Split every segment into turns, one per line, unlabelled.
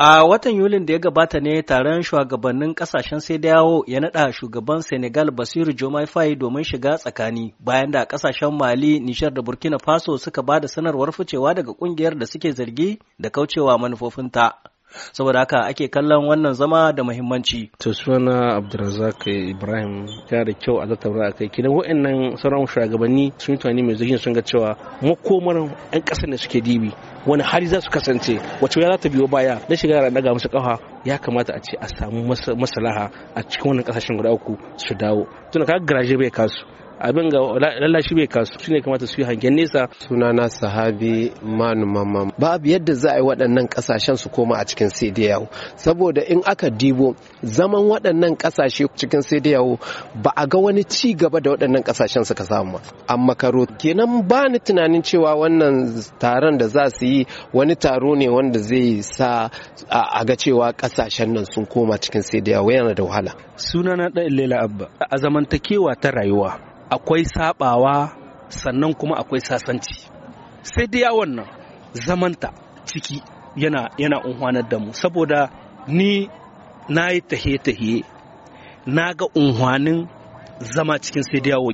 A watan Yulin da ya gabata ne taron shugabannin kasashen sai da yawo ya naɗa shugaban Senegal Basiru Jomai Faye domin shiga tsakani bayan da kasashen Mali, Nishar da Burkina Faso suka ba da sanarwar ficewa daga kungiyar da suke zargi da kaucewa manufofinta. saboda haka ake kallon wannan zama da muhimmanci to suna abdulrazak ibrahim
ya da kyau a tattauna a kai kidan wa'annan sauran shugabanni sun yi tunani mai zurfi sun ga cewa makomar yan kasar da suke dibi wani hali za su kasance wacce ya za ta biyo baya na shiga yara daga musu kafa ya kamata a ce a samu masalaha a cikin wannan kasashen guda uku
su dawo tun ka garaje bai kasu abin ga lallashi bai kasu shi ne kamata su yi hangen nesa sunana sahabi manu mamman babu yadda za a yi waɗannan ƙasashen su koma a cikin cdao saboda in aka dibo zaman waɗannan ƙasashe cikin cdao ba a ga wani ci gaba da waɗannan ƙasashen suka samu an makaro kenan ba ni tunanin cewa wannan taron da za su yi wani taro ne wanda zai sa a ga cewa ƙasashen nan sun koma cikin cdao yana da wahala sunana ɗan lela abba a zamantakewa ta rayuwa
akwai sabawa sannan kuma akwai sasanci sai dai ya wannan zamanta ciki yana yana unhwanar da mu saboda ni na yi tahe-tahe na ga unhwanin zama cikin sai dai yawo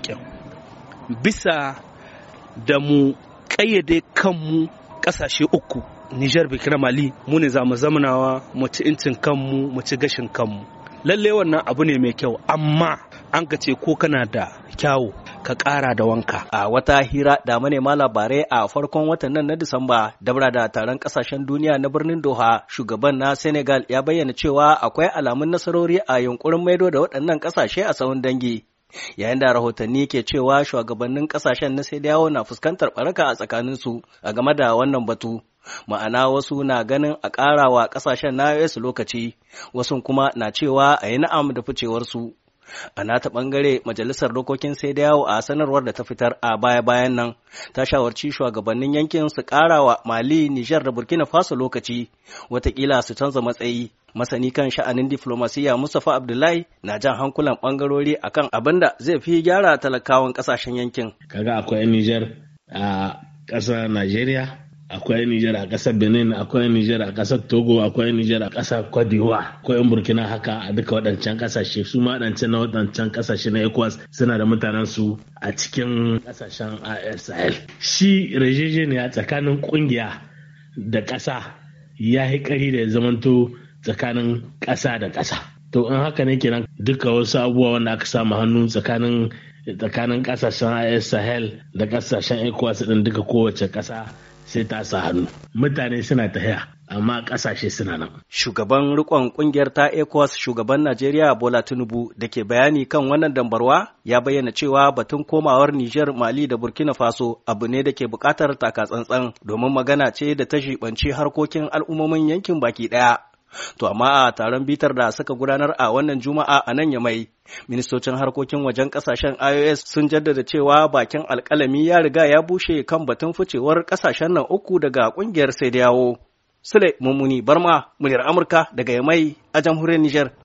bisa da mu kayyade kanmu kasashe uku Nijar Bikira Mali mu ne za mu zamanawa mu ci incin kanmu mu ci gashin kanmu lalle wannan abu ne mai kyau amma an ka ce ko kana da kyawu ka ƙara da wanka.
A wata hira da manema labarai a farkon watan nan na Disamba, dabra da taron ƙasashen duniya na birnin Doha, shugaban na Senegal ya bayyana cewa akwai alamun nasarori a yunkurin maido da waɗannan ƙasashe a tsawon dangi. yayin da rahotanni ke cewa shugabannin kasashen na sai yawo na fuskantar ɓaraka a su a game da wannan batu ma'ana wasu na ganin a ƙarawa kasashen na US lokaci wasu kuma na cewa a yi na'am da ficewarsu A nata ɓangare majalisar dokokin sai da yawo a sanarwar da ta fitar a baya-bayan nan ta shawarci shugabannin yankin su ƙara wa Mali, Nijar da Burkina Faso lokaci watakila su canza matsayi. Masani kan sha'anin diflomasiyya Mustapha Abdullahi na jan hankulan ɓangarori akan abin da zai fi gyara talakawan ƙasashen yankin.
Kaga akwai Nijar a ƙasar Najeriya, akwai Nijar a ƙasar Benin, akwai Nijar a ƙasar Togo, akwai Nijar a ƙasar Kwadiwa, akwai Burkina haka a duka waɗancan ƙasashe su ma waɗancan na waɗancan ƙasashe na ECOWAS suna da mutanen su a cikin ƙasashen Sahel. Shi a tsakanin ƙungiya da ƙasa ya yi ƙari da ya zamanto tsakanin ƙasa da ƙasa. To in haka ne kenan duka wasu abubuwa wanda aka samu hannu tsakanin tsakanin ƙasashen Sahel da ƙasashen ECOWAS ɗin duka kowace ƙasa sai ta sa hannu mutane suna tahiya amma kasashe suna nan.
Shugaban rikon kungiyar ta ECOWAS shugaban Najeriya Bola Tinubu da ke bayani kan wannan dambarwa ya bayyana cewa batun komawar Nijar Mali da Burkina Faso abu ne da ke bukatar takatsantsan domin magana ce da ta shiɓance harkokin al'ummomin yankin baki ɗaya. To amma a taron bitar da suka gudanar a wannan juma'a a nan mai, ministocin harkokin wajen kasashen IOS sun jaddada cewa bakin alkalami ya riga ya bushe kan batun ficewar kasashen nan uku daga kungiyar sai da yawo. Sule Mummuni Barma, muryar Amurka daga Yamai a jamhuriyar Nijar.